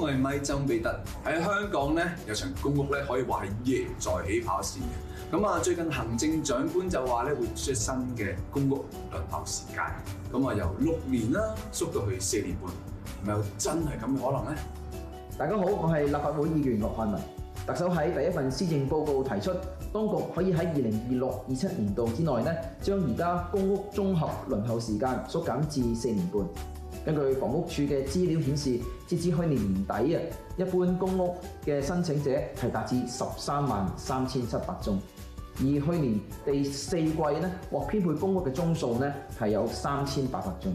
我咪曾比特喺香港咧，有場公屋咧，可以話係贏在起跑線嘅。咁啊，最近行政長官就話咧，會出新嘅公屋輪候時間，咁啊，由六年啦縮到去四年半，係咪有真係咁嘅可能咧？大家好，我係立法會議員陸漢文。特首喺第一份施政報告提出，當局可以喺二零二六二七年度之內呢，將而家公屋綜合輪候時間縮減至四年半。根據房屋處房屋署嘅資料顯示，截至去年年底啊，一般公屋嘅申請者係達至十三萬三千七百宗，而去年第四季呢，獲編配公屋嘅宗數呢係有三千八百宗。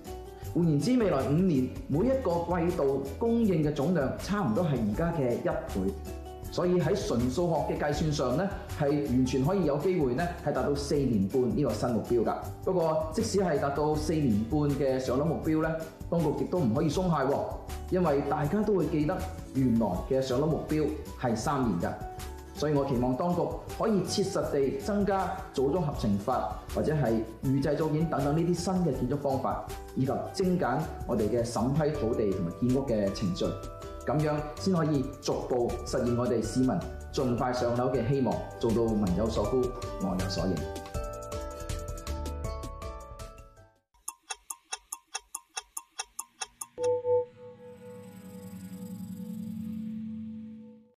換言之，未來五年每一個季度供應嘅總量差唔多係而家嘅一倍，所以喺純數學嘅計算上咧，係完全可以有機會咧係達到四年半呢個新目標㗎。不過即使係達到四年半嘅上樓目標咧，當局亦都唔可以鬆懈，因為大家都會記得原來嘅上樓目標係三年㗎。所以我期望當局可以切實地增加組裝合成法或者係預製組件等等呢啲新嘅建築方法，以及精簡我哋嘅審批土地同埋建屋嘅程序，咁樣先可以逐步實現我哋市民盡快上樓嘅希望，做到民有所呼，我有所應。